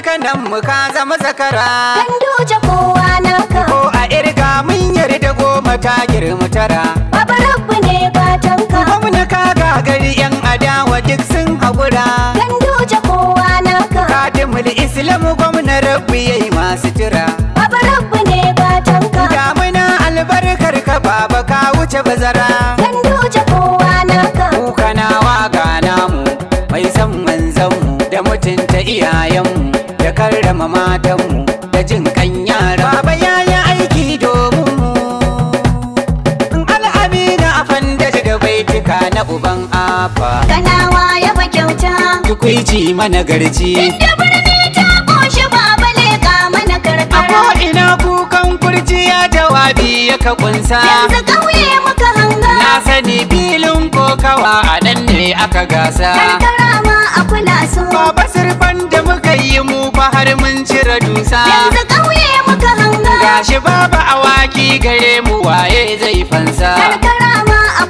kanan nan muka zama zakara kan doje kowa naka ko a irga mun yarda goma ta girma tara baba rabbu ne gatanka gwamna ka gagari yan adawa duk sun haƙura kan doje kowa naka kadimul islam gwamna rabbu yayi masu tira baba rabbu ne gatanka damuna albarkar ka baba ka wuce bazara karrama matanmu da jin kan yara baba ya yi aiki domin mu in al'amina a fandaji da baitika na uban afa kanawa ya ba kyauta tukwici mana garji inda birni ta ƙoshi baba leƙa mana karkara a ina kukan kurji ya jawabi ya ka kunsa yanzu ƙauye muka hanga na sani filin kokawa a nan aka gasa da dusa yanzu ƙauye muka hanga gashi babu awaki gare mu waye zai fansa karkara ma a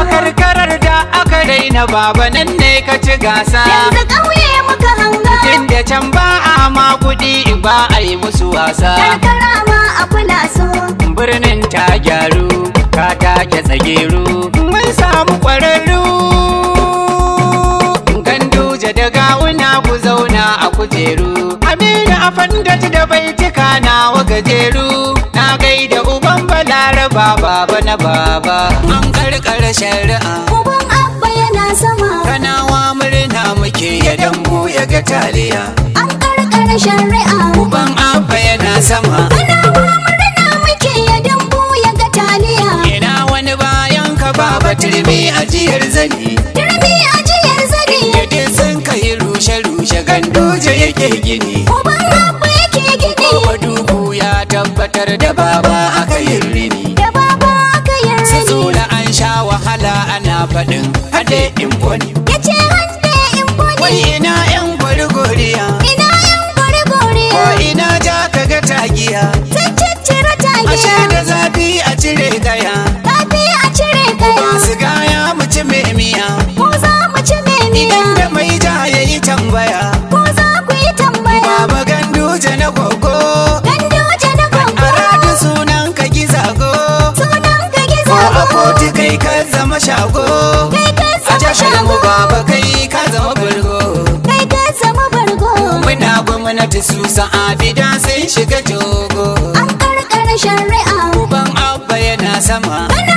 a karkarar da aka daina baba nan ne ka ci gasa yanzu ƙauye muka hanga tun da can ba a ma kuɗi ba a yi musu wasa karkara ma a birnin ta gyaru ka take tsageru mun samu ƙwararru gaji da baitika nawa gajeru na gaida uban balaraba baba na baba an karkar shari'a uban abba yana sama kanawa murna muke ya dambu ya ga taliya an karkar shari'a uban abba yana sama kanawa murna muke ya dambu ya ga taliya ina wani bayan ka baba turmi ajiyar zani yake gini uban abu yake gini kuma dubu ya tabbatar da baba aka yi rini da baba aka yi rini na an sha wahala ana faɗin hade in kwani ya ce hande in kwani wai ina yan gwargwariya ina yan gwargwariya ko ina ja ka ga tagiya sun ciccire tagiya su sa'abida sun shiga jogo. An karkar shari'a. Uban abba yana sama.